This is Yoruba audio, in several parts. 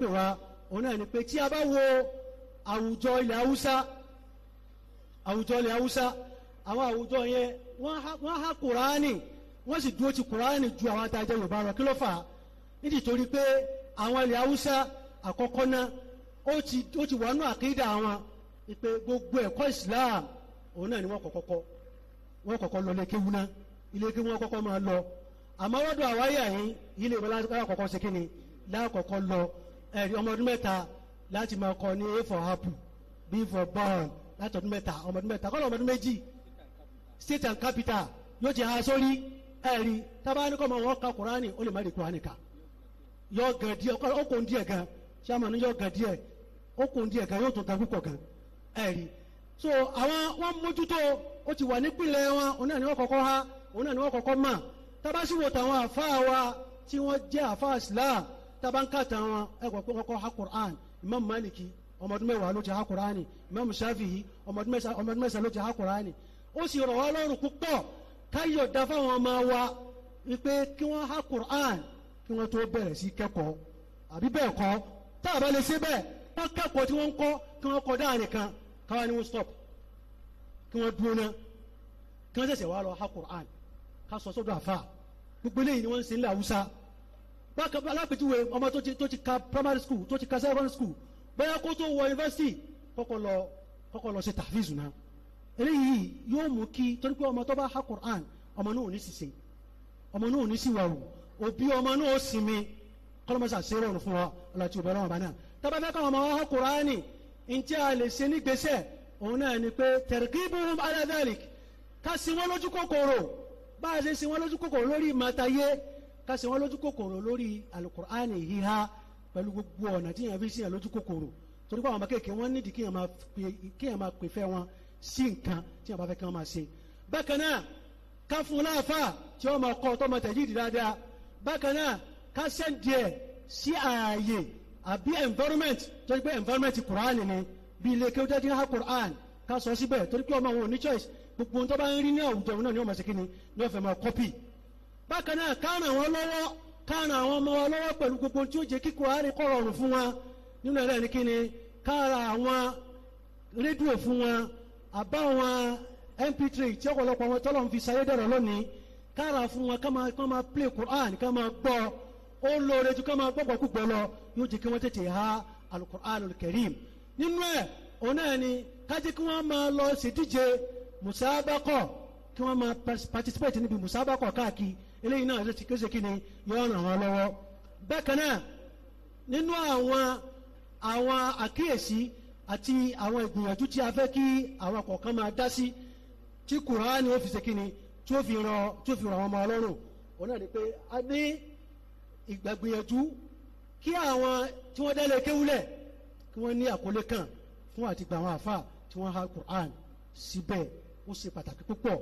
pè wá òun náà ni pé tí a bá wo àwùjọ ilẹ̀ haúsá àwùjọ ilẹ̀ haúsá àwọn àwùjọ yẹn wọ́n há kùránì wọ́n sì dúró ti kùránì ju àwọn atajẹ́ yorùbá lọ kí ló fà á nítorí pé àwọn ilẹ̀ haúsá àkọ́kọ́ náà ó ti ó ti àkídà àwọn ìpè gbogbo ẹ̀kọ́ islam òun náà ni wọ́n kọ́kọ́ kọ́ wọ́n kọ́kọ́ lọ lékéwu náà ilé kí wọ́n kọ́kọ́ máa lọ àmọ́ wọ́n àwáyà yìí ilé ìwé lákọ̀ọ́kọ́ ṣe kí ni lákọ̀ọ́kọ́ lọ ẹ̀rí ọmọ ọdún mẹ́ta láti máa kọ ní a for apple b for bond láti ọdún mẹ́ta ọmọ ọdún mẹ́ta ọmọ ọdún méjì state and capital yóò ha sórí ẹ̀rí tábà kọ́ ọmọ wọ́n ka kuraani ó lè má lè yọ díẹ̀ ó kò ń díẹ̀ ní yọ gan díẹ̀ ó kò ń díẹ̀ gan yóò so àwọn wọn mójútó ó ti wà nípìnlẹ̀ ha òun náà ni wọ́n kọ́kọ́ mà tábà sì wò àfáà wa tí wọ́n jẹ́ àfáà tabanka tan wọn ẹ kọ kọ́kọ́ ha Qur'an Imam Maliki ọmọdún mẹ́wàá ló ti ha Qur'ani Imam Shafi'i ọmọdún mẹ́sàn ló ti ha Qur'ani ó sì rọ̀ wá lọ́rùn púpọ̀ káyọ̀ da fáwọn ọmọ wa wípé kí wọ́n ha Qur'an kí wọ́n tó bẹ̀rẹ̀ sí kẹ́kọ̀ọ́ àbí bẹ́ẹ̀ kọ́ tá a bá lè ṣe bẹ́ẹ̀ wọ́n kẹ́kọ̀ọ́ tí wọ́n ń kọ́ kí wọ́n kọ́ dáa nìkan káwa ni wọ́n stop kí wọ́n dúró náà kí wọ́n ṣẹ̀ṣẹ̀ wá lọ ha Qur'an ká sọ sọ́dọ̀ àfa gbogbo eléyìí ni wọ́n ń ṣe ní àwùsá bákan bí alápèjúwe ọmọ tó ti tó ti ka primary school tó ti ka secondary school bóyá kó tó wọ yunifásitì kọ́kọ́ lọ kọ́kọ́ lọ ṣe tàfíìsù náà eléyìí yóò mú kí torí pé ọmọ tó bá ha Quran ọmọ náà ò ní ṣìṣe ọmọ náà ò ní ṣìwàwù òbí ọmọ náà ò sinmi kọlọmọsà ṣe rọrùn fún wa ọlọtí òbí ọlọmọba náà tábà fẹ́ káwọn ọmọ wa ha Quran ntí a lè ṣe ní gbèsè òun náà ni pé targibuhum ala dhalik ká sin wọn lójú kòkòrò bá a ká ṣe wọ́n lójú kòkòrò lórí alukur'ani híhá pẹ̀lú gbogbo ọ̀nà tí yẹn fi ṣe yẹn lójú kòkòrò torí pé àwọn ọmọ kéèké wọ́n nídìí kéèyàn máa pè fẹ́ wọn sí nǹkan tí yẹn bá fẹ́ kí wọ́n máa ṣe. bákan náà ká fún láàfà tí wọ́n máa kọ́ ọtọ́ máa tẹ̀jú ìdí bákan náà ká sẹ́ǹdì sí ààyè àbí environment tó ń pẹ́ environment kùránì ni bí ilé kí ó jẹ́ dínáhà kùránì ká sọ síbẹ̀ torí pé ọmọ òun ò ní choice gbogbo ohun tó bá ń rí ní àwùjọ náà ni ó máa ṣe kí ni ní ọ̀fẹ́ máa kọ́pì bákan náà ká ràn wọ́n lọ́wọ́ ká ràn àwọn ọmọ wọn lọ́wọ́ pẹ̀lú gbogbo tí ó jẹ́ kíkọ àárín kọ́ rọrùn fún wọn nínú ẹ̀rẹ́ ni kíni àwọn rédíò fún mp3 tí ọ̀pọ̀lọpọ̀ tọ́lọ̀ ń fi ṣayédọ̀rọ̀ lónìí ká fún wọn ká máa ká máa play Quran ká máa gbọ́ ó lo ju ká máa gbọ́gbọ́ kúgbọ́ lọ yóò jẹ́ kí wọ́n ha alukur'anul karim eléyìí náà yóò ṣe kí ni yóò ràn wọn lọ́wọ́ bákan náà nínú àwọn àwọn àkíyèsí àti àwọn ìgbìyànjú tí a fẹ́ kí àwọn kọ̀ọ̀kan máa dá sí tí kùránì ó fi ṣe kí ni tí ó fi ràn tí ó fi ràn wọn ọmọ ọlọ́run òun náà ni pé a ní ìgbàgbìyànjú kí àwọn tí wọ́n dálé kéwúlẹ̀ kí wọ́n ní àkọlé kan fún àti àwọn àfa tí wọ́n ha kùránì síbẹ̀ ó ṣe pàtàkì púpọ̀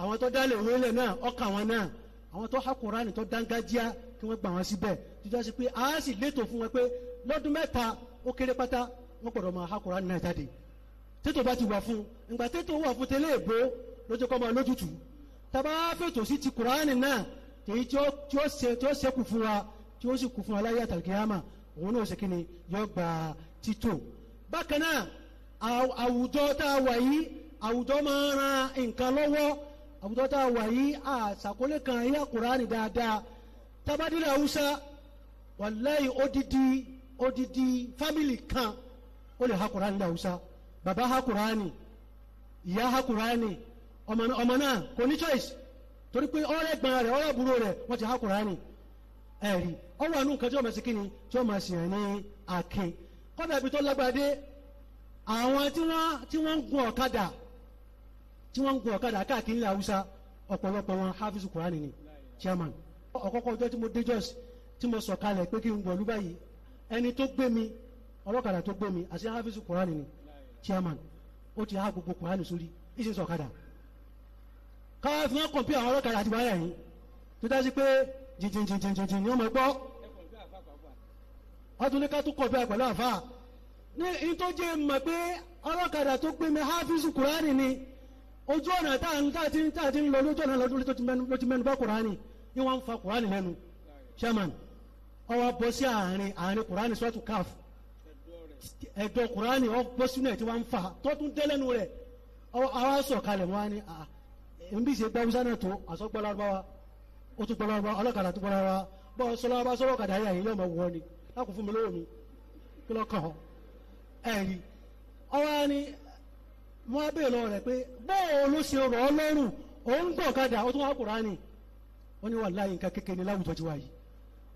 àwọn tó dálé òwe lẹ̀ náà ọkà wọn náà àwọn tó hakùnránì tó dángájíá kí wọ́n gbà wọ́n síbẹ̀ jíjá sí pé a sì létò fún wọn pé lọ́dún mẹ́ta ó kéré pátá wọ́n gbọ́dọ̀ máa hakùnránì náà jáde tètò bá ti wà fún ìgbà tètò wà fún tẹ́lẹ̀ èbó lójú kọ́ máa lójútù tàbá fètò sí ti kùránì náà tèyí tí ó ṣẹ́kù fún wa tí ó sì kù fún aláyé àtàlùkìyàmà òun náà ṣe kíni yọ gba títò bákan náà àwùjọ tá a wà yìí àwùjọ máa ran nǹkan lọ́wọ́ àwùjọ tá a wà yìí a sàkólé kan ayé àkùránì dáadáa tabadílẹ̀ haúsá wàláyé odidi odidi fámìlì kan ó lè ha kùránì lẹ̀ haúsá bàbá ha kùránì ìyá ha kùránì ọmọ náà kò ní choice torí pé ọ̀rẹ́ gbọ́n rẹ̀ ọ̀rẹ́ àbúrò rẹ̀ wọ́n ti ha kùránì ẹ̀rí ọwọ́ àánú nǹkan tí wọ́n máa ṣe kí ni tí wọ́n máa ṣe ní akin kọ́dà ibi tó lágbàdé àwọn tí wọ́n ń gun ọ̀kadà tí wọ́n ń gun ọ̀kadà káàkiri ilẹ̀ haúsá ọ̀pọ̀lọpọ̀ wọn hafiz kurani ni chairman ọ̀kọ́kọ́ ọjọ́ tí mo dé Jos tí mo sọ̀ kalẹ̀ pé kí n wọ̀lú báyìí ẹni tó gbé mi ọlọ́kadà tó gbé mi àti hafiz kurani ni chairman ó ti há gbogbo kurani sórí ìṣe sọ̀kadà káwá fi hàn kọ̀ǹpì àwọn ọlọ́kadà àti wáyà yìí tó dá sí pé jìnjìnjìnjìnjìn ni wọ́n mọ̀ gbọ́ ọdún ní ká tún kọ̀ǹpì àfà ní ìtọ́jú mọ̀ pé ọlọ́kadà tó gbé mi hafiz kurani ni ojú ọ̀nà tá a ti ń tá a ti ń lọ lójú ọ̀nà lọ́dún ló ti mẹ́nu bá kùránì ni wọ́n ń fa kùránì lẹ́nu chairman ọwọ́ bọ́ sí àárín àárín kùránì sọ́ọ̀tù caf ẹ̀dọ̀ kùránì ọ bọ́ sínú ẹ̀ tí wọ́n ń fa tó tún dé lẹ́nu rẹ̀ àwa sọ̀ kalẹ̀ wọn ni ah, n bí ṣe gbáwúsá náà tó àsọgbọ́lárúbáwá ó tún gbọ́lárúbáwá ọlọ́kadà wọ́n á bèèrè lọ́wọ́ rẹ̀ pé bóò ló ṣe rọ̀ ọ́ lọ́rùn ó kadà ó tún wá ó ní nǹkan kékeré ní láwùjọ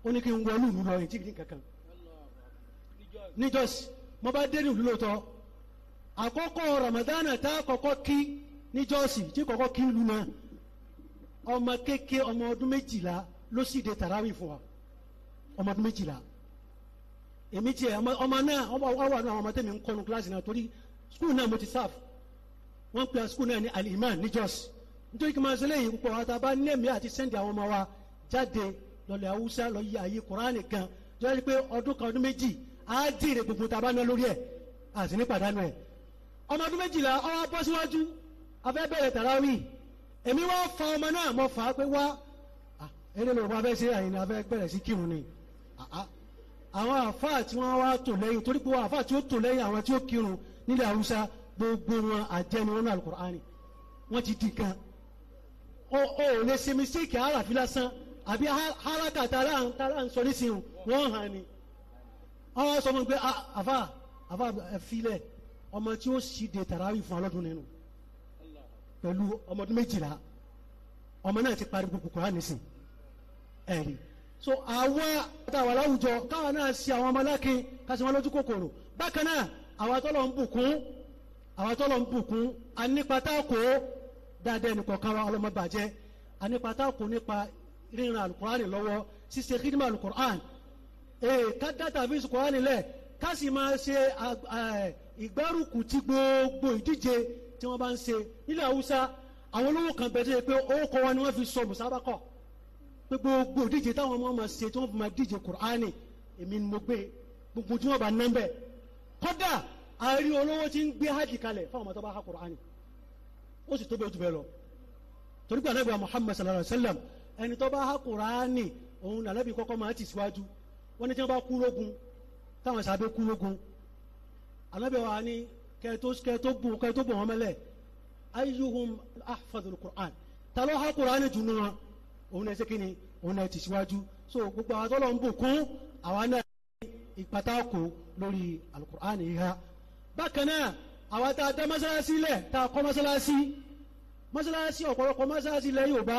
ó ní kí n Ramadana tá a kọ́kọ́ kí tí kọ́kọ́ kí ìlú náà ọmọ kéke ọmọ ọdún méjìlá ló sì tàràwì fún wa ọmọ ọdún méjìlá èmi tiẹ̀ ọmọ náà ọmọ àwọn ọmọ tẹ̀mí ń kọ́nu kíláàsì náà torí skul náà mo ti wọ́n pe àsìkò náà ní aliman níjọ́sì nítorí kí n máa ṣe léyìn púpọ̀ wa tá a bá nẹ́ẹ̀mí àti sẹ́ndì àwọn ọmọ wa jáde lọ́lẹ̀ haúsá lọ yí ààyè kùránì kan jọ́ọ́ pé ọdún kan ọdún méjì á dìrè gbogbo tá a bá ná lórí ẹ̀ àti ní pàdánù ẹ̀ ọmọ ọdún méjìlá ọwọ́ bọ́ síwájú afẹ́ bẹ̀rẹ̀ tàràwí èmi wá fa ọmọ náà mọ fà á pé wá ẹni lóògùn afẹ́ ṣe àyìn afẹ́ bẹ̀rẹ̀ sí kírun ni àwọn àfáà tí wọ́n wá tò lẹ́yìn torí pé àfáà tí ó tò lẹ́yìn àwọn tí ó kírun nílẹ̀ haúsá gbogbo wọn àjẹni wọn ní alukur'ani wọn ti di kan ó ó lè ṣe mistake àràfi lásán àbí haraka tara tara ń sọ nísìnyí wọn hàn ni ọwọ́ sọ fún mi pé àfa ah, àfa filẹ̀ ọmọ tí ó sì de tarawih fún ọlọ́dún nínú pẹ̀lú ọmọdún méjìlá ọmọ náà ti parí gbogbo kura nísìn ẹ̀rí so àwa táwa láwùjọ káwa náà ṣe àwọn ọmọ alákin ká ṣe wọn lójú kòkòrò bákan náà àwa tọ́lọ̀ ń bùkún àwọn tó lọ ń bùkún a nípa tá a kó dáadáa ẹnì kọ̀ọ̀kan wa ọlọ́mọ bàjẹ́ a nípa tá a kó nípa ríran alukur'ani lọ́wọ́ ṣíṣe kídìmọ̀ alukur'ani ee ká dáta fi alukur'ani lẹ̀ ká sì máa ṣe ìgbárùkù ti gbogbo ìdíje tí wọ́n bá ń ṣe nílẹ̀ haúsá àwọn olówó kan bẹ̀ pé owó kọ́ wa ni wọ́n fi sọ mùsábàkọ̀ pé gbogbo ìdíje táwọn ọmọ máa ṣe tí wọ́n fi máa díje kur'ani èmi ni mo gbé gbogbo tí wọ́n bá nán bẹ́ẹ̀ kódà a rí olówó tí ń gbé hajj kalẹ̀ fáwọn ọmọ tó bá ha Kùránì ó sì tó bẹ́ẹ̀ jù bẹ́ẹ̀ lọ torí pé anábìá Muhammad sallallahu alayhi wa sallam ẹni tó bá ha Kùránì òun làlábì kọ́kọ́ máa ti síwájú wọ́n ní tí wọ́n bá kú lógun táwọn sábẹ́ kú lógun anábìá wa ni kẹ́ẹ̀tó bù kẹ́ẹ̀tó bù wọn mẹ́lẹ̀ ayyuhum ahfadul Qur'an ta ló ha Kùránì jù nù wọn òun náà ṣe so gbogbo àwọn tó lọ ń bù kún bákan náà àwa tá a dá mọ́sálásí lẹ̀ tá a kọ́ mọ́sálásí mọ́sálásí ọ̀pọ̀lọpọ̀ mọ́sálásí ilẹ̀ Yorùbá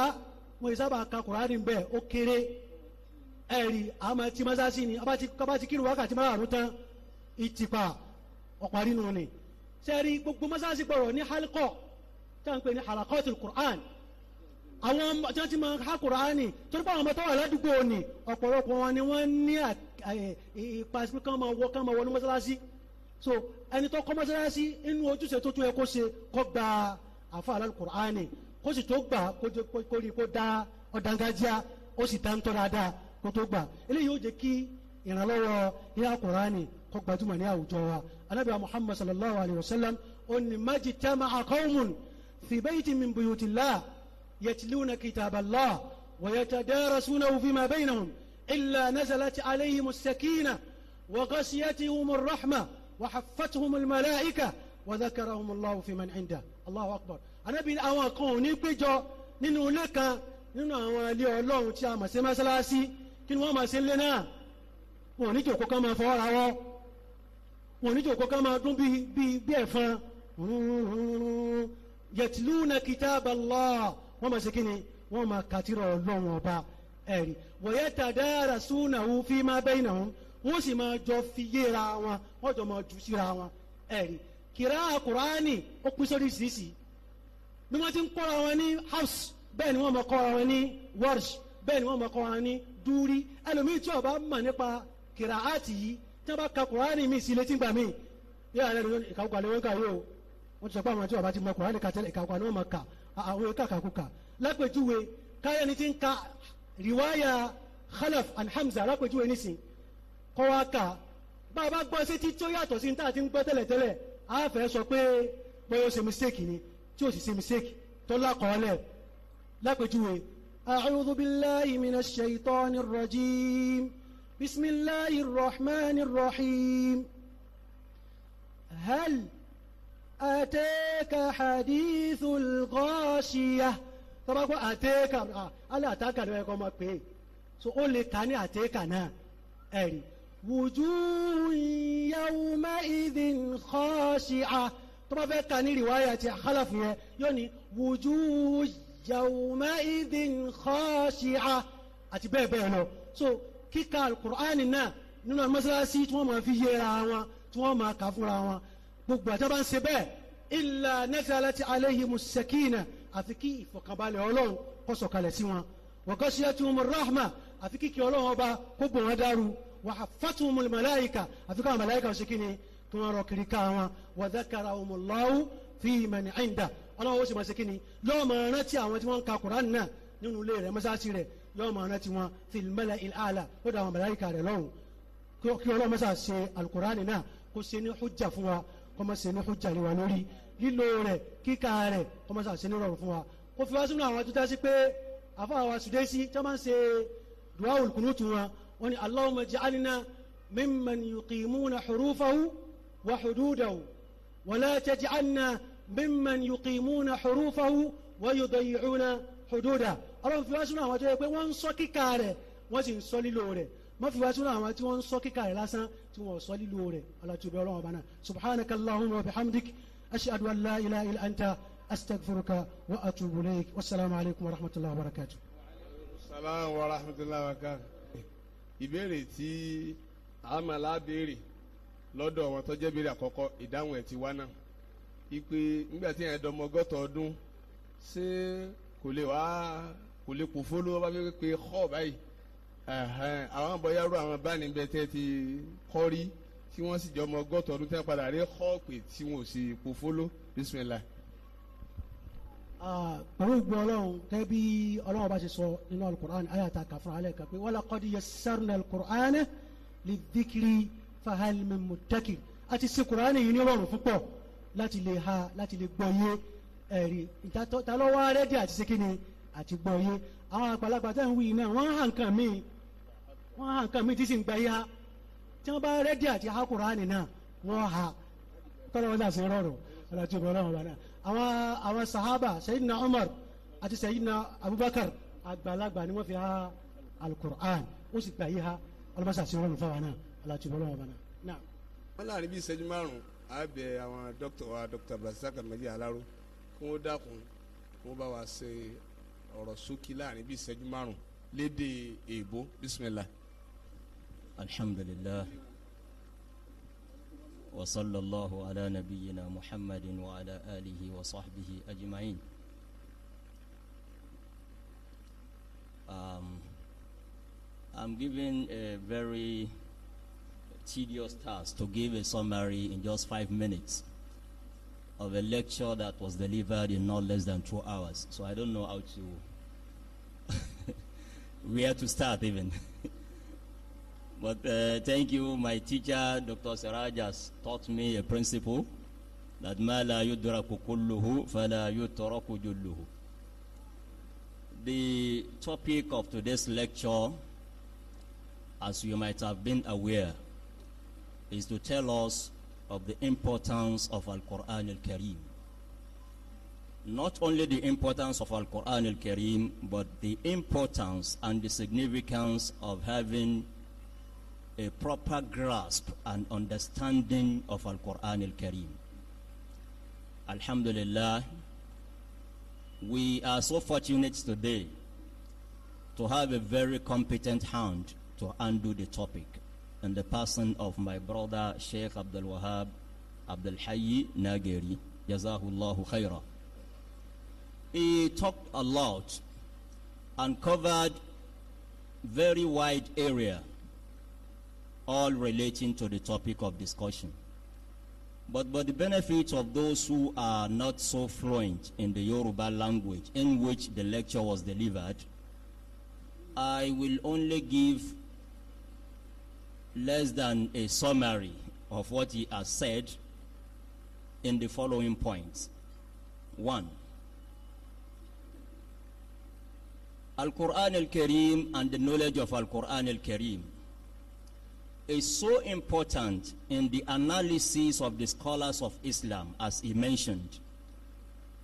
wọn ìsábà ka Kùránì bẹ́ẹ̀ ó kéré ẹ̀rí àmọ́ tí mọ́sálásí ni kábà ti kírun wákàtí márùn-ún tán ìtìpa ọ̀parí nù ni sẹ́ẹ̀rí gbogbo mọ́sálásí gbọ̀rọ̀ ní hálíkọ̀ tá à ń pè ní halakọ́tù Kùrán àwọn tí wọ́n ti máa ha kùránì torí pé àwọn ọmọ tó wà ládùúgbò ni ọ̀pọ̀lọpọ̀ wọn ni wọ́n ní ipa sí kí wọ́n máa wọ kí wọ́n máa wọ ní mọ́sálásí so ẹni tó kọ́ mọ́sálásí inú ojúṣe tó tún yẹ kó ṣe kó gba àfa alukur'ani kó sì tó gbà kó jẹ kó rí kó dá ọ̀dàngájíá ó sì dá ń tọ́ dáadáa kó tó gbà eléyìí ó jẹ́ kí ìrànlọ́wọ́ ní alukur'ani kó gbajúmọ̀ ní àwùjọ wa anábìá muhammad sallallahu alayhi wa sallam ó ní májì tẹ́mà àkọ́wùn fi bayti min buyutillah yatluna kitaballah wa yatadarasunahu fima baynahum illa nazalat alayhim as-sakinah wa ghashiyatihum ar-rahmah وحفتهم الملائكة وذكرهم الله في من عنده الله أكبر Ànábì àwọn kan ò ní péjọ nínú ilé kan nínú àwọn ilé Ọlọ́run tí a mọ̀ sí mọ́sálásí kí ni wọ́n máa ṣe ń lé náà wọn ò ní jòkó ká máa fọwọ́ ra wọ́ wọn ò ní jòkó ká máa dún bí ẹ̀fọn yatluna kitaballah wọ́n máa ṣe kí ni wọ́n máa kàtírọ̀ Ọlọ́run ọba ẹ̀rí wa yatadarasunahu fima bainahum wọ́n sì máa jọ fi yéra wọn wọ́n jọ máa jù síra wọn ẹ̀rí kìrá kùránì ó pín sórí sísì bí wọ́n ti ń kọ́ra wọn ní house bẹ́ẹ̀ ni wọ́n máa kọ́ra wọn ní warsh bẹ́ẹ̀ ni wọ́n máa kọ́ra wọn ní dúrí ẹlòmíì tí ọba mọ̀ nípa kìrá àti yìí tí wọ́n bá ka kùránì mi sí létí gbà mí yóò rẹ̀ lóyún ìkàwé àlẹ́ wọn kà yóò wọ́n ti sọ pé àwọn àti ọba ti mọ kùránì kàtẹ́lẹ̀ ìkàwé àlẹ́ wọn máa kà àwọn kọ́ wá kà bá a bá gbọ́ sétí tí ó yàtọ̀ sí níta àti ń gbọ́ tẹ́lẹ̀tẹ́lẹ̀ á fẹ́ sọ pé pé ó ṣe mistake ni tí ó sì ṣe mistake tó lákọọ́lẹ̀ lápèjúwe. أعوذ بالله من الشيطان الرجيم بسم الله الرحمن الرحيم هل أتاك حديث الغاشية tọ́ba kó àtẹ́kà alẹ́ àtẹ́kà ló yẹ kó máa pè é so ó lè ta ní àtẹ́kà náà ẹ̀rí وجوه يومئذ خاشعة طبعا فيتا ني رواية خلف يعني وجوه يومئذ خاشعة أتبه بيهنو so kíka alukur'ani náà nínú amásálásí tí wọ́n máa fi yẹra wọn tí wọ́n máa kà fúnra wọn gbogbo àti abáǹsẹ bẹ́ẹ̀ illa nazalati alayhimu sakina àfi kí ìfọ̀kànbalẹ̀ ọlọ́run kó sọ̀kalẹ̀ sí wọn wa ghashiyatuhumur وحفتهم الملائكة أفكار ملائكة وسكيني كما ركري كاما وذكرهم الله في من عنده ọlọ́run ó sì máa ṣe kí ni yóò máa rántí àwọn tí wọ́n ń ka Qur'an náà nínú ilé rẹ̀ mọ́sáàsì rẹ̀ yóò máa rántí wọn fil mala'il a'la ó dà wọn màláíkà rẹ̀ lọ́hùn kí ọlọ́run mọ́sáà ṣe alukur'ani náà kó ṣe ní hujja fún wa kó má ṣe ní hujja lé wa lórí lílo rẹ̀ kíkà rẹ̀ kó mọ́sáà ṣe ní rọrùn fún wa kó fi wá sínú àwọn tó dásí pé àfọwà Sudaisi tí wọ́n máa ń ṣe du'a ul kunutu wọn wọ́n ní allahumma ja'alna mimman yuqimuna hurufahu wa hududahu wala taj'alna mimman yuqimuna hurufahu wa yudayi'una hududahu ọlọ́run fi wá sínú àwọn tó yẹ pé wọ́n ń sọ kíkà rẹ̀ wọ́n sì ń sọ fi wá sínú àwọn tí wọ́n ń sọ kíkà rẹ̀ lásán tí wọ́n sọ lílo rẹ̀ ọlọ́túbí ọlọ́run ọba subhanaka allahumma wa bihamdik ashhadu an la ilaha illa anta astaghfiruka wa atubu ilayk wasalaamu alaykum wa rahmatullahi wa barakatuh. wa alaykum salaam wa rahmatullahi wa barakatuh ìbéèrè tí àmàlà béèrè lọ́dọ̀ wọn tọ́jẹ́ béèrè àkọ́kọ́ ìdáhùn ẹ̀ ti wá náà ipe nígbà tí yẹn dọmọ ọgọ́ta ọdún ṣé kò lè wá kò lè pòfó ló wá fi pe xọ́ báyìí àwọn bọ́yárú àwọn báni bẹ tẹ́ ti kọ́ rí tí wọ́n sì jọmọ ọgọ́ta ọdún tẹ́ padà rí xọ́ pé tí wọn ò sì pòfó ló bísí mi láì pẹ̀lú ìgbọ́ ọlọ́run gẹ́gẹ́ bí ọlọ́run bá ṣe sọ nínú alukur'an ayata kàfúrà alẹ́ kan pé walaqad yassarna alukur'an lidhikri fahal min muddakir àti ṣe kur'an yìí ní rọrùn púpọ̀ láti lè ha láti lè gbọ́ yé ẹ̀rí ìtàlọ́wọ́ rẹ́dí àti ṣe àti gbọ́ àwọn àgbàlagbà tẹ́ ń wí náà wọ́n hàn kàn mí wọ́n hàn kàn mí tí sì ń gba yá tí wọ́n bá rẹ́dí àti ha kur'an náà wọ́n ha kọ́lọ́wọ́n dà sí rọrùn ọlọ́tí ọlọ́run bá náà àwọn àwọn sahaba sayidina umar àti sayidina abubakar àgbàlagbà ni wọ́n fi ha alukur'an ó sì gbà yí ha ọlọmọsà sí ọlọ́run fáwọn náà aláàtúbọ ọlọ́run ọba náà. wọn láàrin bíi ìṣẹ́jú márùn-ún a bẹ àwọn dókítà wa dókítà abdulrasaq amadi alaro kí wọn dákun kí wọn bá wa ṣe ọ̀rọ̀ ṣókí láàrin bíi ìṣẹ́jú márùn-ún lédè èèbó bisimilah. alhamdulilayi. وصلى الله على نبينا محمد وعلى آله وصحبه أجمعين um, I'm given a very tedious task to give a summary in just five minutes of a lecture that was delivered in not less than two hours. So I don't know how to, where to start even. But uh, thank you. My teacher, Dr. Siraj, has taught me a principle that ma la yudraku fala yutraku julluhu. The topic of today's lecture, as you might have been aware, is to tell us of the importance of Al-Quran al-Karim. Not only the importance of Al-Quran al-Karim, but the importance and the significance of having a proper grasp and understanding of Al Quran Al Kareem. Alhamdulillah, we are so fortunate today to have a very competent hand to undo the topic and the person of my brother Sheikh Abdul Wahab Abdul Hayy Nagiri. Jazahullahu khairah. He talked a lot and covered very wide area all relating to the topic of discussion. But for the benefit of those who are not so fluent in the Yoruba language in which the lecture was delivered, I will only give less than a summary of what he has said in the following points. One, Al Quran Al Kareem and the knowledge of Al Quran Al Kareem is so important in the analysis of the scholars of Islam, as he mentioned,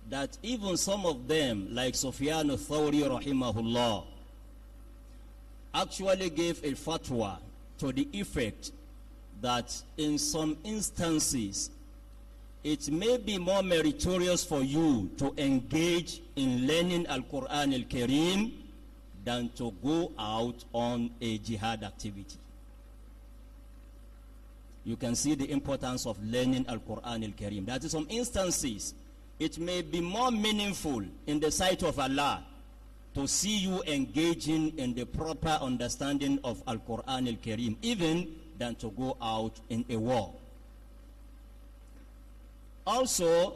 that even some of them, like Sufyan al-Thawri rahimahullah, actually gave a fatwa to the effect that in some instances it may be more meritorious for you to engage in learning Al-Quran al kareem than to go out on a jihad activity you can see the importance of learning Al-Quran Al-Karim. That is, some instances, it may be more meaningful in the sight of Allah to see you engaging in the proper understanding of Al-Quran Al-Karim, even than to go out in a war. Also,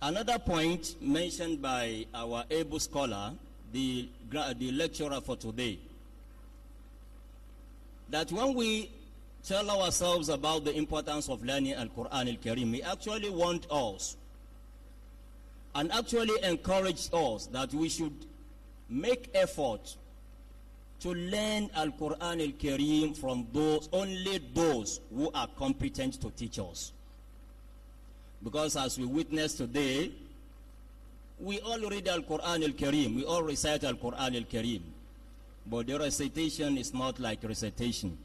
another point mentioned by our able scholar, the, the lecturer for today, that when we tell ourselves about the importance of learning Al-Quran Al-Karim. He actually want us and actually encourage us that we should make effort to learn Al-Quran Al-Karim from those, only those who are competent to teach us. Because as we witness today, we all read Al-Quran Al-Karim, we all recite Al-Quran Al-Karim. But the recitation is not like recitation.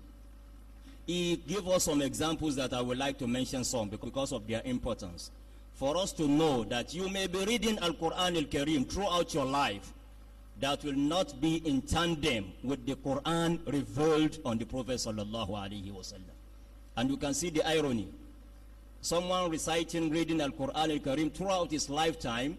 He gave us some examples that I would like to mention some because of their importance. For us to know that you may be reading Al Quran Al Karim throughout your life, that will not be in tandem with the Quran revealed on the Prophet sallallahu alaihi wasallam. And you can see the irony. Someone reciting, reading Al Quran Al Karim throughout his lifetime,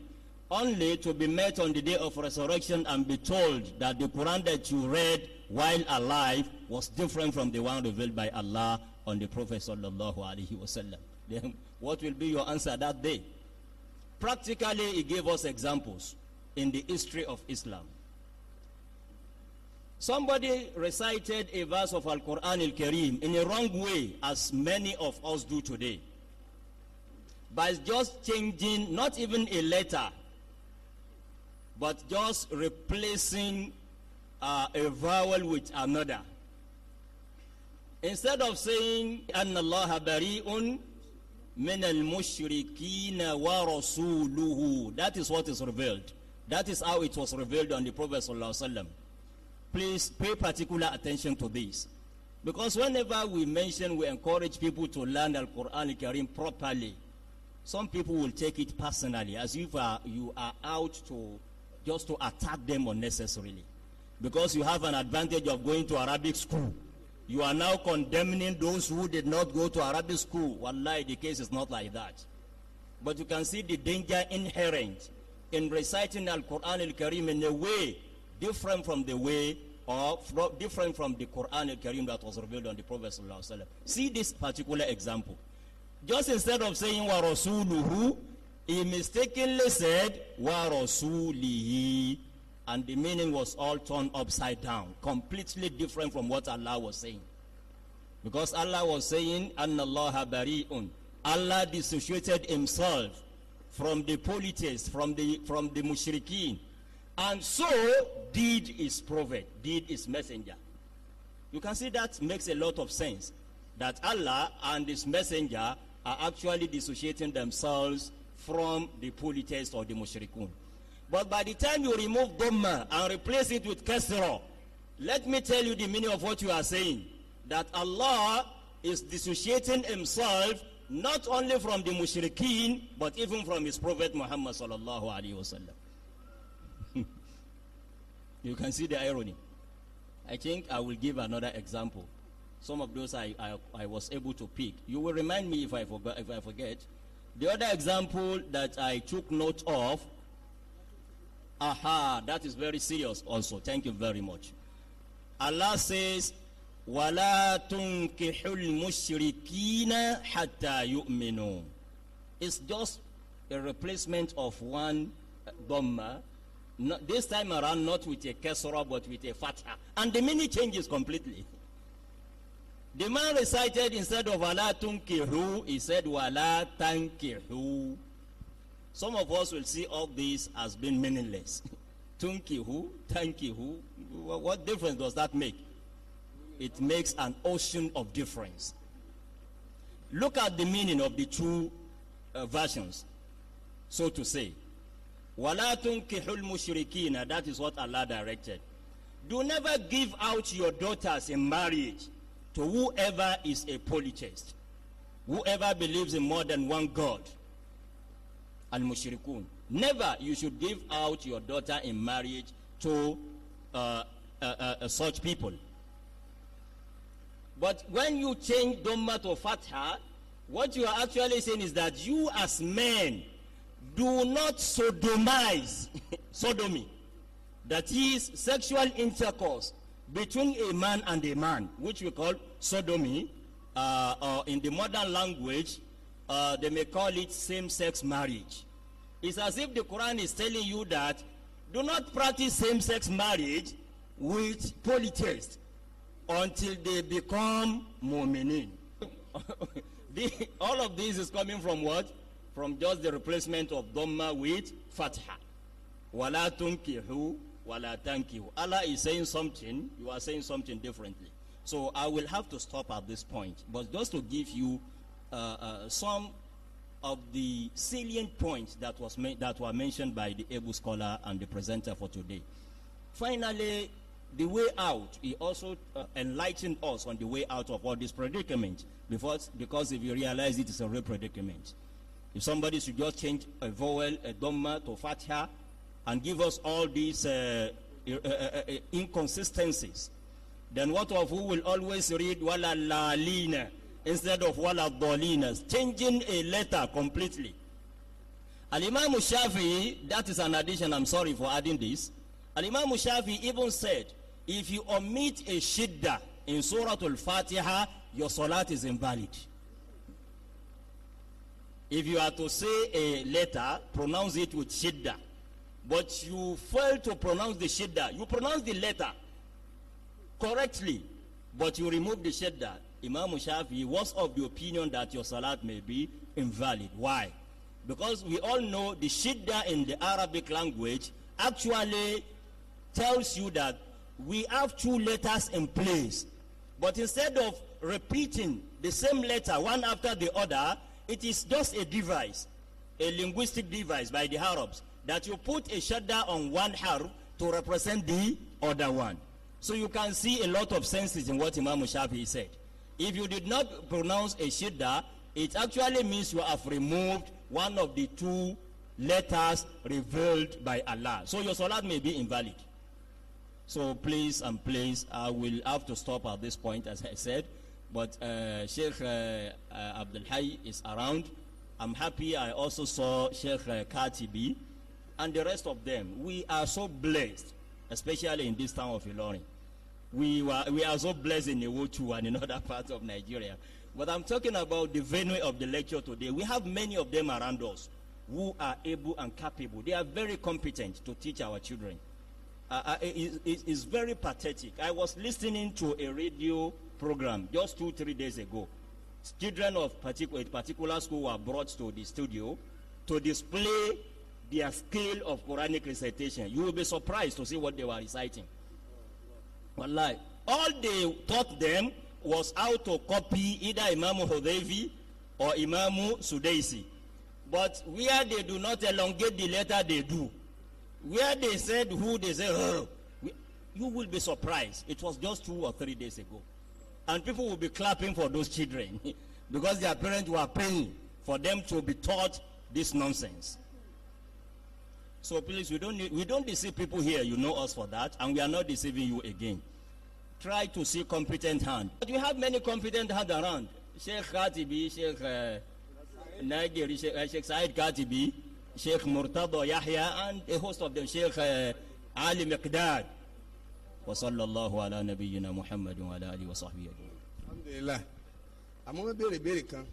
only to be met on the day of resurrection and be told that the Quran that you read while alive was different from the one revealed by Allah on the Prophet sallallahu alaihi wasallam. Then what will be your answer that day? Practically, he gave us examples in the history of Islam. Somebody recited a verse of Al-Quran al-Karim in a wrong way, as many of us do today. By just changing not even a letter, but just replacing uh, a vowel with another. Instead of saying, أن الله بريء من المشركين ورسوله. That is what is revealed. That is how it was revealed on the Prophet Sallallahu Please pay particular attention to this. Because whenever we mention, we encourage people to learn Al Quran Karim properly. Some people will take it personally, as if uh, you are out to just to attack them unnecessarily because you have an advantage of going to Arabic school. You are now condemning those who did not go to Arabic school. Wallahi, the case is not like that. But you can see the danger inherent in reciting Al-Quran Al-Karim in a way different from the way or different from the Quran Al-Karim that was revealed on the Prophet See this particular example. Just instead of saying wa rasuluhu, he mistakenly said wa rasulihi and the meaning was all turned upside down, completely different from what Allah was saying. Because Allah was saying, Allah bari'un. Allah dissociated himself from the polytheists, from the, from the mushrikeen. And so did his prophet, did his messenger. You can see that makes a lot of sense. That Allah and his messenger are actually dissociating themselves from the polytheists or the mushrikeen. But by the time you remove Dhamma and replace it with Kasra, let me tell you the meaning of what you are saying. That Allah is dissociating himself not only from the mushrikeen, but even from his prophet Muhammad sallallahu alaihi wasallam. you can see the irony. I think I will give another example. Some of those I, I, I was able to pick. You will remind me if I, if I forget. The other example that I took note of Aha, that is very serious also. Thank you very much. Allah says, وَلَا تُنْكِحُ الْمُشْرِكِينَ حَتَّى يُؤْمِنُوا It's just a replacement of one uh, dhamma. No, this time around, not with a kesra, but with a fatha. And the meaning changes completely. The man recited instead of wala tunkihu, he said wala tankihu. Some of us will see all this as being meaningless. Tunki who? Tanki who? What difference does that make? It makes an ocean of difference. Look at the meaning of the two uh, versions, so to say. وَلَا تُنْكِحُ الْمُشْرِكِينَ That is what Allah directed. Do never give out your daughters in marriage to whoever is a polytheist, whoever believes in more than one God al-mushrikun. Never you should give out your daughter in marriage to uh, uh, uh, such people. But when you change Dhamma to Fatha, what you are actually saying is that you as men do not sodomize sodomy. That is sexual intercourse between a man and a man, which we call sodomy, uh, or in the modern language, uh, they may call it same-sex marriage. It's as if the Quran is telling you that do not practice same-sex marriage with polytheists until they become mu'minin. all of this is coming from what? From just the replacement of Dhamma with Fatha. Wala tunkihu, wala tankihu. Allah is saying something, you are saying something differently. So I will have to stop at this point. But just to give you uh, uh, some of the salient points that, was that were mentioned by the able scholar and the presenter for today. Finally, the way out, he also uh, enlightened us on the way out of all this predicament. Because, because if you realize it is a real predicament. If somebody should just change a vowel, a dhamma to fatha, and give us all these uh, uh, inconsistencies, then what of who will always read wala lalina? instead of wala dolinas, changing a letter completely. Al Imam Shafi, that is an addition, I'm sorry for adding this. Al Imam Shafi even said, if you omit a shidda in Surah Al Fatiha, your salat is invalid. If you are to say a letter, pronounce it with shidda. But you fail to pronounce the shidda. You pronounce the letter correctly, but you remove the shidda. Imam Shafi was of the opinion that your salat may be invalid. Why? Because we all know the shidda in the Arabic language actually tells you that we have two letters in place. But instead of repeating the same letter one after the other, it is just a device, a linguistic device by the Arabs, that you put a shadda on one harf to represent the other one. So you can see a lot of senses in what Imam Shafi said. If you did not pronounce a shida, it actually means you have removed one of the two letters revealed by Allah. So your salat may be invalid. So please and please, I will have to stop at this point, as I said. But uh, Sheikh uh, uh, Abdul is around. I'm happy I also saw Sheikh uh, Khatibi and the rest of them. We are so blessed, especially in this town of Ilorin. We, were, we are so blessed in Iwochu and in other parts of Nigeria. But I'm talking about the venue of the lecture today. We have many of them around us who are able and capable. They are very competent to teach our children. Uh, uh it's very pathetic. I was listening to a radio program just two, three days ago. Children of particular, particular school were brought to the studio to display their skill of Quranic recitation. You will be surprised to see what they were reciting. Wallahi. All they taught them was how to copy either Imam Hudayfi or Imam Sudaisi. But where they do not elongate the letter, they do. Where they said who, they say, oh. you will be surprised. It was just two or three days ago. And people will be clapping for those children because their parents were paying for them to be taught this nonsense. So please, we don't, need, we don't deceive people here. You know us for that. And we are not deceiving you again. try to see competent hand. But we have many competent hand around. Sheikh Khatibi, Sheikh uh, Nagiri, Sheikh, uh, Sheikh Said Khatibi, Sheikh Murtada Yahya, and a host of them, Sheikh uh, Ali Miqdad. وصلى الله على نبينا wa وعلى اله وصحبه اجمعين. الحمد لله àmọ́ wọ́n béèrè béèrè kan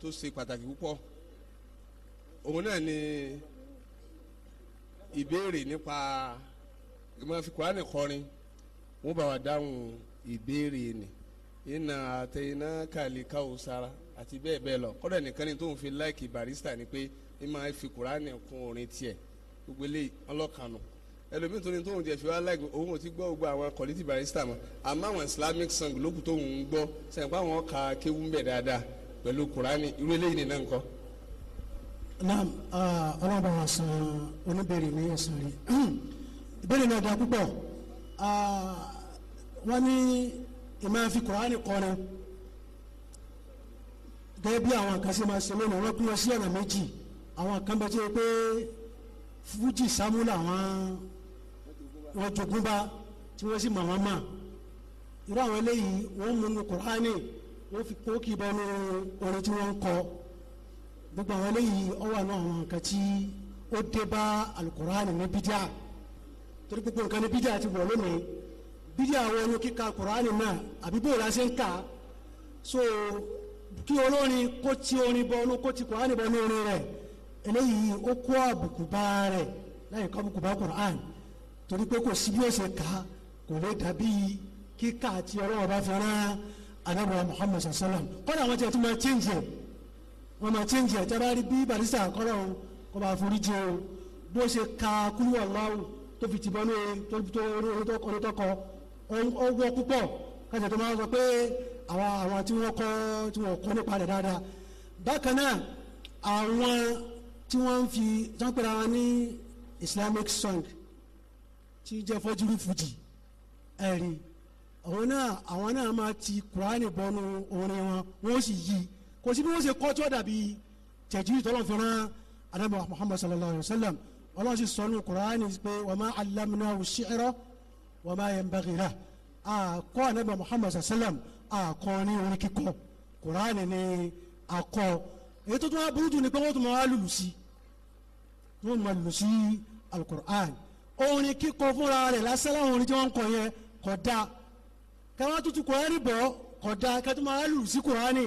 tó ṣe pàtàkì púpọ̀ òun náà ni ìbéèrè nípa ìmọ̀ fi Kùránì kọrin wọ́n bá wa dáhùn ìbéèrè ni iná àtẹ̀yiná kàlíkà òsara àti bẹ́ẹ̀ bẹ́ẹ̀ lọ kọ́dọ̀ nìkan ni tó ń fi láìkì barista ni pé ẹ máa fi kuraani kún orin tiẹ̀ gbogbo eléyìí ọlọ́kanu ẹlòmíì tó ní tó ń jẹ fi wá láìpẹ́ òun ò ti gbọ́ gbogbo àwọn kọ́lítì barista mọ́ àmọ́ àwọn islamic song lókù tó ń gbọ́ sẹ́yìn pé àwọn ka kéwú ń bẹ̀ dáadáa pẹ̀lú kuraani irú eléyìí nìyẹn nǹkan. naam ọlọ́ba wa san oníbèrè ní ẹ̀sán rí ìbéèrè náà dá púpọ̀ wọ́n ní ìmáa fi kọ́ránì kọ́ra gẹ́gẹ́ bí àwọn kan ṣe máa ṣe lónìí wọ́n pín wọn sí ọ̀nà méjì àwọn kan bá jẹ́ pé fújì sámúlò àwọn wọn jogún bá tí wọ́n sì mọ̀ wọ́n mọ̀ irú àwọn eléyìí wọ́n mú nu kọ́ránì wọ́n fi kókì bọ́nu orin tí wọ́n ń kọ́ gbogbo àwọn eléyìí ọ wà àwọn nǹkan tí ó dé bá alukóraani ní bídíà torí gbogbo nǹkan ní bídíà ti wọ̀ lónìí bídí àwọn ọ̀nà kíka kùránì náà àbí bóyá la ṣe ń kà á so kí olórin kó ti orin bọ ló kó ti kùránì bọ ní orin rẹ̀ eléyìí ó kó àbùkù bá rẹ̀ láyé kó àbùkù bá kùránì torí pé kò sí bí ó ṣe kà á kò lè dàbí kíka àti ọlọ́wọ́ bá fẹ́ràn anabuwa muhammad sallam kọ́ni àwọn tí a tún máa change ẹ̀ wọ́n máa change ẹ̀ tí bí barista kọ́lọ́ kọ́ bá forí jẹ o bó ṣe ka kúlú ọ̀láwù tó fi tìbọ́nú tó kọ́ ọwọ́ púpọ̀ káṣẹ̀ tó máa sọ pé àwọn àwọn tí wọ́n kọ́ tí wọ́n kọ́ nípa rẹ̀ dáadáa bákan náà àwọn tí wọ́n ń fi sọ́pẹ́ra wọn ní Islamic song tí jẹ́ fọ́júrú fújì ẹ̀rí àwọn náà àwọn náà máa ti kuraani bọnu orin wọn wọ́n sì yí kò sí bí wọ́n ṣe kọ́ tí wọ́n dàbí tẹ̀jú ìtọ́lọ́fẹ́ràn adamu Muhammad sallallahu alayhi wa sallam ọlọ́run sì sọ ní kuraani pé wa ma allamnahu wa ma yanbaghi lah àkọ́ anabi muhammad sallam àkọ́ ní orin kíkọ kuraani ní akọ èyí tó tún wá burú jù ní pé wọ́n tún máa lùlù sí wọ́n máa lùlù sí alukur'an orin kíkọ fúnra rẹ̀ lásán láwọn orin tí wọ́n ń kọ yẹn kódà káwọn tuntun kuraani bọ̀ kódà kátó máa lùlù sí kuraani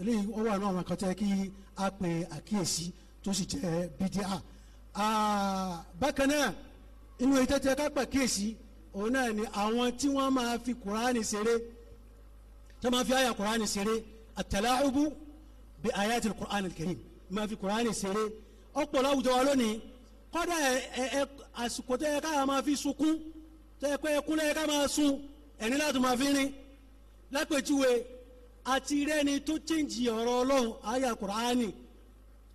eléyìí ó wà ní àwọn kan tẹ́ kí a pè àkíyèsí tó sì jẹ́ bídíà bákan náà inú èyí tẹ́tẹ́ ká pàkíyèsí òun náà ni àwọn tí wọ́n máa fi kùránì ṣeré tí wọ́n máa fi àyà kùránì ṣeré àtàláhùbù bí àyàtì kùránì kẹrin máa fi kùránì ṣeré ọ̀pọ̀ láwùjọ wa lónìí kọ́dà àsìkò tó yẹ ká máa fi sunkún tó yẹ kó ẹkún lẹ́yẹ ká máa sun ẹni láti máa fi rìn lápèjúwe àti rẹ́ni tó chẹ́ǹjì ọ̀rọ̀ ọlọ́run àyà kùránì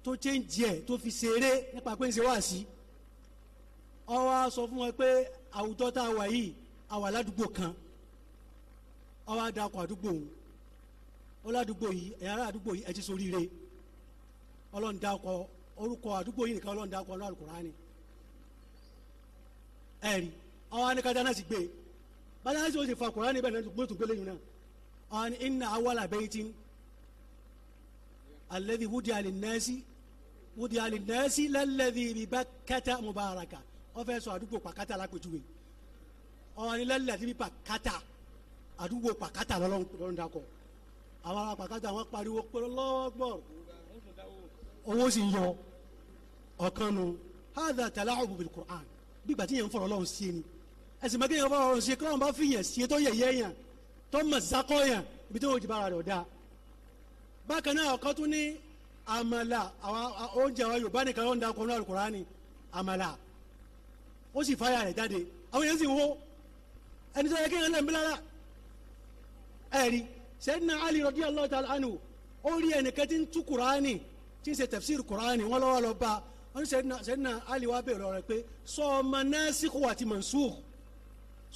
tó chẹ́ǹjì ẹ̀ tó fi ṣeré nípa pé ń ṣe wáàsí ó wá sọ fún wọn pé àwùjọ tá a wà yìí a wà ládùúgbò kan ó wá dakọ̀ àdúgbò òun ó ládùúgbò yìí ẹ̀yà àdúgbò yìí ẹ ti ṣoríire ọlọ́run dakọ̀ orúkọ àdúgbò yìí nìkan ọlọ́run dakọ̀ ọlọ́run Kùránì ẹ̀rí ó wá náà sì gbé bájá náà sì ó sì fa Kùránì bẹ́ẹ̀ náà tó gbélé yìí náà ó wá ní inna awwala baytin alladhi wudi'a lin-nasi wudi'a lin-nasi lalladhi bi Bakkata mubaraka wọ́n fẹ́ sọ àdúgbò pàkátà lápèjúwe ọ̀rìnlẹ́lẹ̀ ti fi pàkátà àdúgbò pàkátà lọ́lọ́run dakọ̀ àwọn ará pàkátà wọn pariwo pé lọ́gbọ̀ owó sì ń yọ ọ̀kan nu hadha tala'ubu bil Qur'an gbígbà tí yẹn ń fọ̀rọ̀ lọ́run sí ni ẹ̀sìn mẹ́kẹ́ yẹn ń fọ̀rọ̀ lọ́run sí kọ́lọ́run fi yẹn sí tó yẹ yẹ yẹn tó mọ̀ sákọ́ yẹn ibi tí wọ́n jì bára rẹ̀ ọ̀dà bákan náà ọ̀kan tún ní àmàlà àwọn oúnjẹ àwọn Yorùbá nìkan ló ń dakọ̀ ní Al-Qur'ani ó sì fáyà rẹ̀ jáde àwọn èèyàn sì wó ẹni tó yẹ kéèyàn náà ń bí lára ẹ̀rí Sayyidina Ali radiyallahu ta'ala anhu ó rí ẹnìkan tí ń tú kùránì tí ń ṣe tafsir kùránì wọn lọ́wọ́ lọ bá wọn ní Sayyidina Ali wá bèèrè ọ̀rọ̀ pé sọ́ọ̀mà nasikh àti mansukh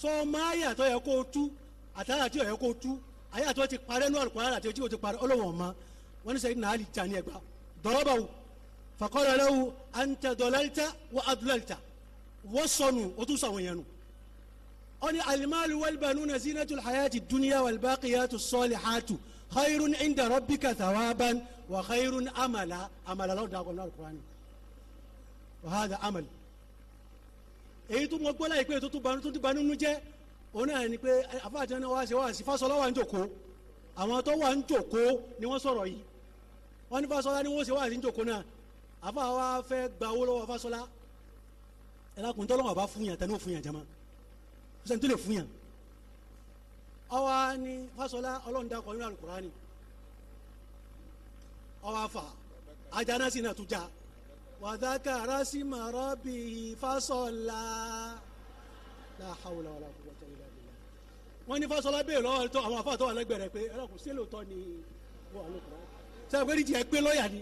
sọ́ọ̀mà ayà tó yẹ kó tú àtàlà tí yẹ kó tú ayà tó ti parẹ́ nú Al-Qur'an àti ojú ti parẹ́ ọlọ́wọ̀n wọ́n sọnù o tún sàwọn yẹn nù. ọ̀ni alimalu walbanuna zinatul hayati dunya walbaqiyatu salihatu khayrun inda rabbika thawaban wa khayrun amala amala lọ́dọ̀ àgọ́ náà alukurani wa hadha amal. èyí tó mọ gbọ́lá yìí pé tó tún banú nu jẹ́ òun náà ni pé àfáàtì náà wá sí wá wà ń jòkó àwọn tó wà ń jòkó ni wọ́n sọ̀rọ̀ yìí wọ́n ní fásọlá ni wọ́n sì wá ń jòkó náà àfáà wa fẹ́ gba lọ́wọ́ fásọlá ẹlẹ́kùn tọ́lọ́wọ́ bá fún yàn tani o fún yàn jama sẹ́ni tó lè fún yàn ọwọ́ ni fasola ọlọ́run dakọ̀ nínú alukurani ọwọ́ afa ajana sí náà tó já wàdákà rásìmọ̀ rọ́bì fasola láhàwùlà wàlà kúkú wàtí wàlà bìlà wọ́n ní fasola bẹ́ẹ̀ lọ́wọ́ tó àwọn afa tó wà lẹ́gbẹ̀rẹ̀ pé ẹlẹ́kùn sílẹ̀ tó ni wọ́n alukurani sẹ́ni pé ní tiẹ̀ pé lọ́ọ̀yà ni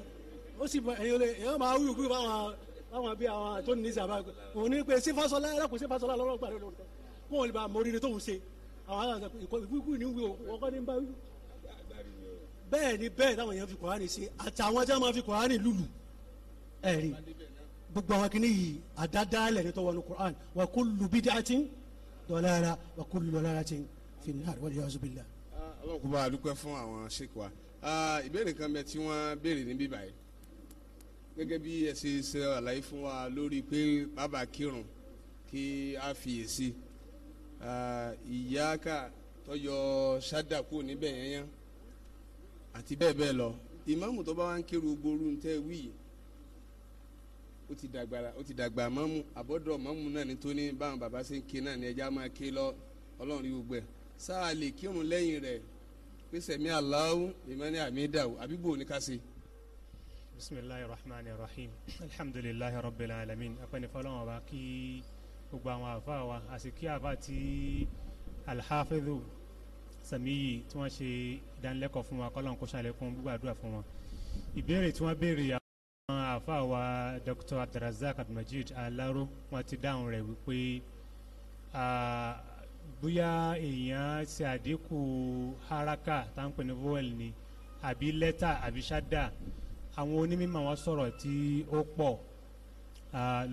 ó sì ẹ̀yọ́ máa wúwo láwọn bí àwọn tó ní ìsàbà òun ní pé sífàsọlá ẹlẹ́kùn sífàsọlá lọ́rọ̀ gbà lórí olùkọ́ wọn ò lè bá mọrírì tó ń ṣe àwọn àwọn ìkọ ìkúkú ní wí o ọkọ ní bá wí. bẹ́ẹ̀ ni bẹ́ẹ̀ táwọn èèyàn fi kọ́hánì ṣe àtàwọn ajá máa fi kọ́hánì lùlù ẹ̀rí gbogbo àwọn kìíní yìí àdádálẹ̀ ní tọ́wọ́ ní Qur'an wa kullu bid'atin dọ̀lára wa kullu dalalatin fi nnar wal iyaazu billah. ọlọ́run kò bá a dúpẹ́ fún àwọn ṣèkwa ah, ìbéèrè kan bẹ tí wọ́n béèrè níbí báyìí gẹ́gẹ́ bí ẹ ṣe àlàyé fún wa lórí pé bàbá kírun kí a fiyèsí ìyáàkà tọyọ ṣádà kúrò níbẹ̀ yẹn yẹn àti bẹ́ẹ̀ bẹ́ẹ̀ lọ ìmáàmù tó bá wá ń kírun ogboru ń tẹ́ wí ó ti dàgbà ó ti dàgbà mọ́mù àbọ̀dọ̀ mọ́mù náà ní tóní báwọn bàbá ṣe ń ké náà ní ẹja máa ké lọ ọlọ́run rí gbogbo ẹ̀ sáà lè kírun lẹ́yìn rẹ̀ pèsè mi àlọ́ ìmọ̀ ní àmì dàwọ̀ àbí bò ní ká ṣe bisimilahi rahman rahim alhamdulilahi rabbil alamin apẹni fọlọ́wọ́n wa kí gbogbo àwọn àfa wa àti kí àfa ti alhafidhu samiyi tí wọ́n ṣe ìdánilẹ́kọ̀ọ́ fún wa kọ́lọ́n kó ṣàlékún gbogbo àdúrà fún wọn. ìbéèrè tí wọ́n béèrè àwọn àfa wa dr abdulrasaq abdulmajid alaro wọ́n ti dáhùn rẹ̀ wípé bóyá èèyàn ṣe àdínkù haraka tá à pè ní vowel ni àbí lẹ́tà àbí ṣáda àwọn onímọ̀ wọn sọ̀rọ̀ tí ó pọ̀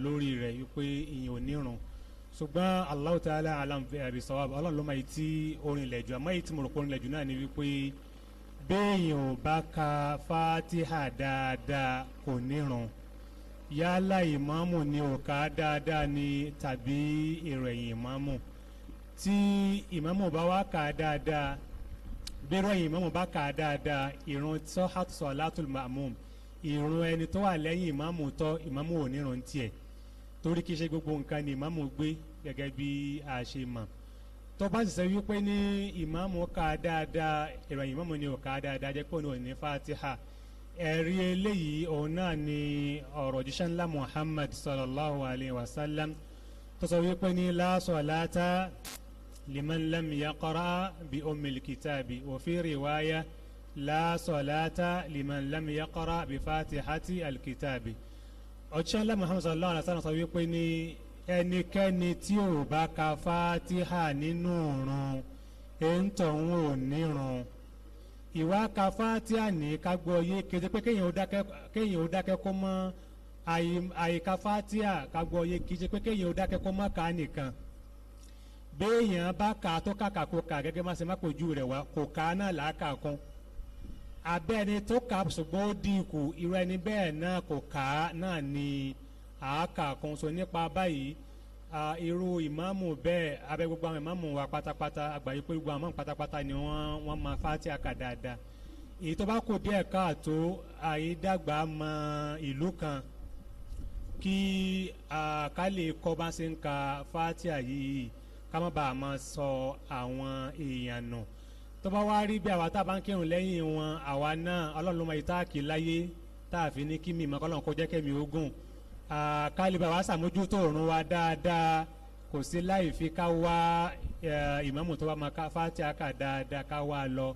lórí rẹ̀ wípé ìyẹn ò nírun ṣùgbọ́n Allah ta'ala alam bi sawab ọlọ́run ló máa yìí tí orin ilẹ̀jù àmọ́ èyí tí mo rò pé orin ilẹ̀jù náà ni wípé béèyàn ò bá ka fatiha dáadáa kò nírun yálà ìmáàmù ni ò dáadáa ni tàbí ìròyìn ìmáàmù tí ìmáàmù bá wá kà dáadáa bí ìròyìn ìmáàmù bá kà dáadáa ìrun sọ́hátù sọ́hátù ma'mum ìrun ẹni tó wà lẹ́yìn ìmáàmù tọ́ ìmáàmù ò ní run tiẹ̀ torí kì í ṣe gbogbo nǹkan ni ìmáàmù gbé gẹ́gẹ́ bí a ṣe mọ̀ tó bá sì sọ wípé ní ìmáàmù ká dáadáa ìròyìn ìmáàmù ni ò ká dáadáa jẹ́ pé òun ò ní fatiha ẹ̀rí eléyìí òun náà ni ọ̀rọ̀ jíṣẹ́ ńlá Muhammad sallallahu alayhi wa sallam tó sọ wípé ní la salata liman lam yaqra bi ummil kitabi wa fi la salata liman lam yaqra bi fatihati alkitabi ọ̀chánlá muhammad sallallahu alaihi wa sallam sọ wípé ní ẹnikẹ́ni tí ò bá ka fatiha nínú òrun èntọ̀hún ò nírun ìwà ka fatiha ní kagbọ́ yé kété pé kéèyàn ó dákẹ́ kó mọ́ àyíká fatiha kagbọ́ yé kété pé kéèyàn ó dákẹ́ kó mọ́ ká nìkan béèyàn bá ka tó kàkà kó kà gẹ́gẹ́ má ṣe má kojú rẹ̀ wá kò ká náà làákà kan abẹ́ni tó kà ṣùgbọ́n ó dín kù irú ẹni bẹ́ẹ̀ náà kò kà á náà ni àákà kan so nípa báyìí irú ìmáàmù bẹ́ẹ̀ abẹ́ gbogbo àwọn ìmáàmù wa pátápátá àgbáyé pé gbogbo àwọn pátápátá ni wọ́n wọ́n máa fàtí àkà dáadáa èyí tó bá kù díẹ̀ káàtó àyídàgbà mọ ìlú kan kí ká lè kọ́ bá ṣe ń ka fàtí àyè yìí ká má bàa máa sọ àwọn èèyàn nù tó bá wá rí bí àwa tá a bá ń kírun lẹ́yìn wọn àwa náà ọlọ́run ló mọ ìta kì í láyé tá a fi ní kí mi mọ́ kọ́lọ́n kó jẹ́ kẹ́mi ogun kálíbà wa ṣàmójútó òrùn wa dáadáa kò sí láì fi ká wá ìmáàmù tó bá máa ká fáti àkà dáadáa ká wá lọ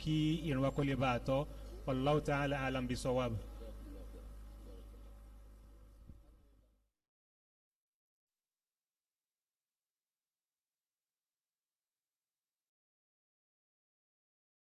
kí ìrun wa kó lè bá a tọ́ Wallahu ta'ala alam bisawab.